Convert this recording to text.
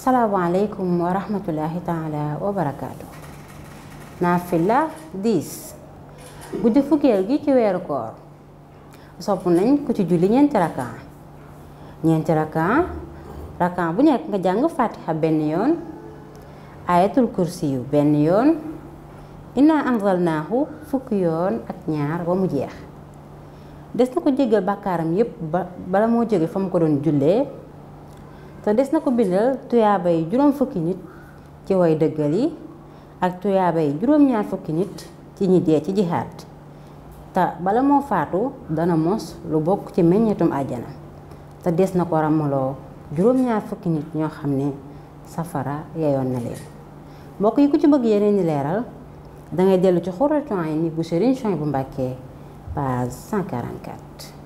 asalaamaaleykum wa rahmatullahi taala wa barakaatu. naafila dix guddi fukkeel gi ci weeru koor sopp nañ ku ci julli ñeenti rakan ñeenti rakan rakan bu nekk nga jàng fatiha benn yoon ayatul kursi yu benn yoon inna anzalnaahu fukki yoon ak ñaar ba mu jeex des na ko jéggal bàkkaaram yépp bala moo jóge fa mu ko doon jullee te des na ko bindal tuyaaba yi juróom fukki nit ci way dëggal yi ak tuyaaba yi juróom-ñaar fukki nit ci ñi dee ci jihaat te bala moo faatu dana mos lu bokk ci meññeetum ajana te des na ko rammaloo juróom-ñaar fukki nit ñoo xam ne safara yeyoon na leen mbokk yi ku ci bëgg yeneen ni leeral dangay dellu ci Xuratul Ayni bu Sëriñ Suhaybu bu Mbàkke page 144